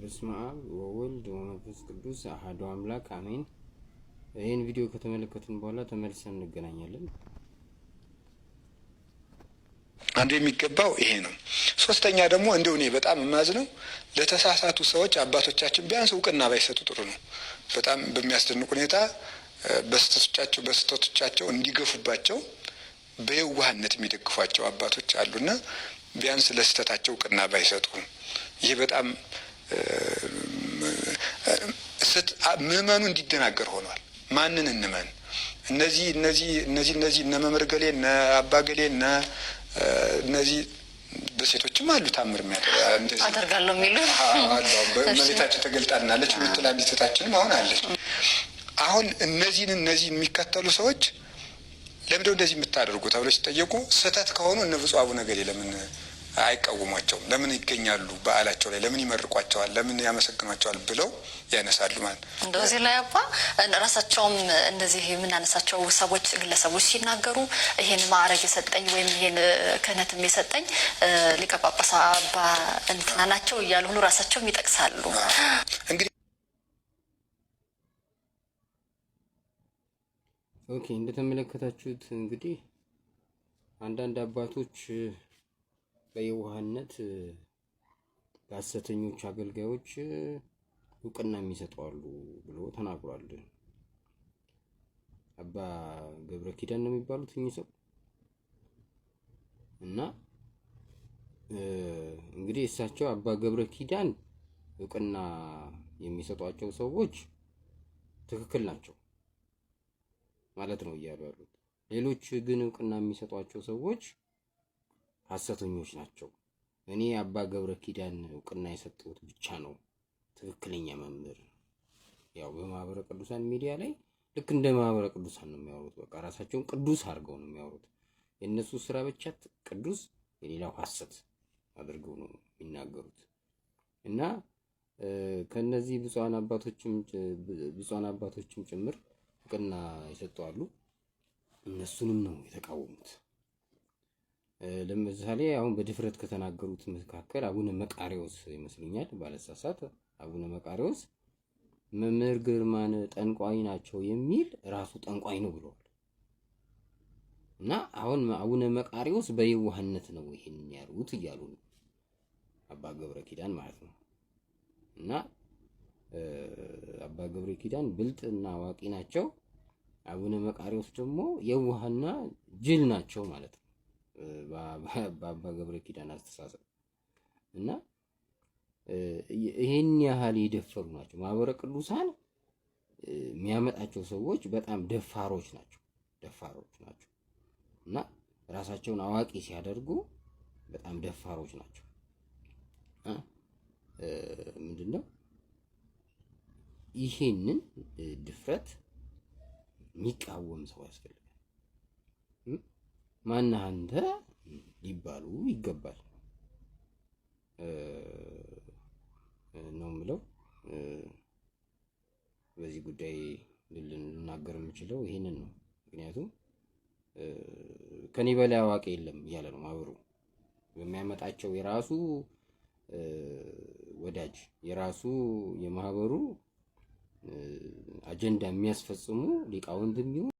በስመ አብ ወወልድ ወመንፈስ ቅዱስ አሐዱ አምላክ አሜን። ይህን ቪዲዮ ከተመለከትን በኋላ ተመልሰን እንገናኛለን። አንዱ የሚገባው ይሄ ነው። ሶስተኛ ደግሞ እንደው እኔ በጣም የማዝ ነው ለተሳሳቱ ሰዎች አባቶቻችን ቢያንስ እውቅና ባይሰጡ ጥሩ ነው። በጣም በሚያስደንቅ ሁኔታ በስተቶቻቸው በስተቶቻቸው እንዲገፉባቸው በየዋህነት የሚደግፏቸው አባቶች አሉና ቢያንስ ለስተታቸው እውቅና ባይሰጡ ይህ በጣም ምዕመኑ እንዲደናገር ሆኗል። ማንን እንመን? እነዚህ እነዚህ እነዚህ እነዚህ እነ መምህር እነ አባ እነ እነዚህ በሴቶችም አሉ ታምር አደርጋለሁ ተገልጣልናለች ምትል አንዲት እህታችንም አሁን አለች። አሁን እነዚህን እነዚህ የሚከተሉ ሰዎች ለምደው እንደዚህ የምታደርጉ ተብሎ ሲጠየቁ ስህተት ከሆኑ እነ ብፁዕ አቡነ ገሌ ለምን አይቃወሟቸውም። ለምን ይገኛሉ በዓላቸው ላይ ለምን ይመርቋቸዋል፣ ለምን ያመሰግኗቸዋል ብለው ያነሳሉ ማለት ነው። እንደዚህ ላይ አባ ራሳቸውም እነዚህ የምናነሳቸው ሰዎች ግለሰቦች ሲናገሩ ይሄን ማዕረግ የሰጠኝ ወይም ይሄን ክህነትም የሰጠኝ ሊቀ ጳጳስ አባ እንትና ናቸው እያሉ ሁሉ ራሳቸውም ይጠቅሳሉ እንግዲህ ኦኬ እንደተመለከታችሁት እንግዲህ አንዳንድ አባቶች በየዋህነት ለሐሰተኞች አገልጋዮች እውቅና የሚሰጠዋሉ ብሎ ተናግሯል። አባ ገብረ ኪዳን ነው የሚባሉት እኚህ ሰው እና እንግዲህ እሳቸው አባ ገብረ ኪዳን እውቅና የሚሰጧቸው ሰዎች ትክክል ናቸው ማለት ነው እያሉ ያሉት። ሌሎች ግን እውቅና የሚሰጧቸው ሰዎች ሐሰተኞች ናቸው። እኔ አባ ገብረ ኪዳን እውቅና የሰጠሁት ብቻ ነው ትክክለኛ መምህር። ያው በማህበረ ቅዱሳን ሚዲያ ላይ ልክ እንደ ማህበረ ቅዱሳን ነው የሚያወሩት። በቃ ራሳቸውን ቅዱስ አድርገው ነው የሚያወሩት። የእነሱ ስራ ብቻ ቅዱስ፣ የሌላው ሐሰት አድርገው ነው የሚናገሩት እና ከነዚህ ብፁዓን አባቶችም ብፁዓን አባቶችም ጭምር እውቅና ይሰጠዋሉ። እነሱንም ነው የተቃወሙት። ለምሳሌ አሁን በድፍረት ከተናገሩት መካከል አቡነ መቃሪዎስ ይመስለኛል፣ ባለሳሳት አቡነ መቃሪዎስ መምህር ግርማን ጠንቋይ ናቸው የሚል ራሱ ጠንቋይ ነው ብለዋል። እና አሁን አቡነ መቃሪዎስ በየዋህነት ነው ይሄን ያሉት እያሉ ነው አባ ገብረ ኪዳን ማለት ነው። እና አባ ገብረ ኪዳን ብልጥና አዋቂ ናቸው። አቡነ መቃሪዎስ ደግሞ የዋህና ጅል ናቸው ማለት ነው። በአባ ገብረ ኪዳን አስተሳሰብ እና ይህን ያህል የደፈሩ ናቸው። ማህበረ ቅዱሳን የሚያመጣቸው ሰዎች በጣም ደፋሮች ናቸው፣ ደፋሮች ናቸው እና ራሳቸውን አዋቂ ሲያደርጉ በጣም ደፋሮች ናቸው። ምንድን ነው ይሄንን ድፍረት የሚቃወም ሰው ያስፈልጋል። ማነህ አንተ ሊባሉ ይገባል ነው የምለው። በዚህ ጉዳይ ልናገር የምችለው ይህንን ነው። ምክንያቱም ከኔ በላይ አዋቂ የለም እያለ ነው ማህበሩ በሚያመጣቸው የራሱ ወዳጅ የራሱ የማህበሩ አጀንዳ የሚያስፈጽሙ ሊቃውንት የሚሆን